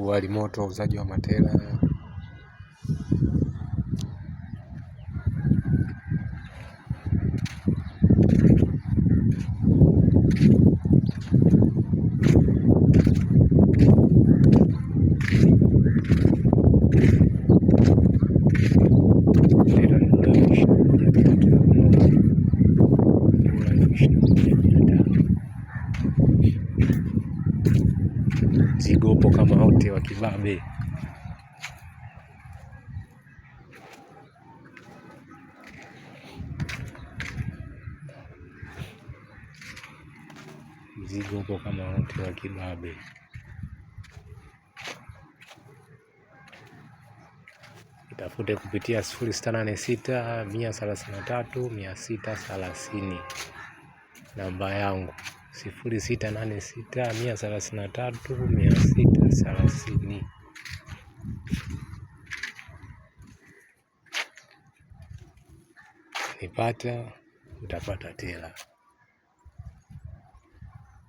uwali moto, uzaji wa matela zigopo kama wote wa kibabe. Mzigo upo kama wote wa kibabe. itafute kupitia sifuri sita nane sita mia thelathini na tatu mia sita thelathini namba yangu sifuri sita nane sita mia thelathini na tatu mia sita thelathini. Nipata utapata tela.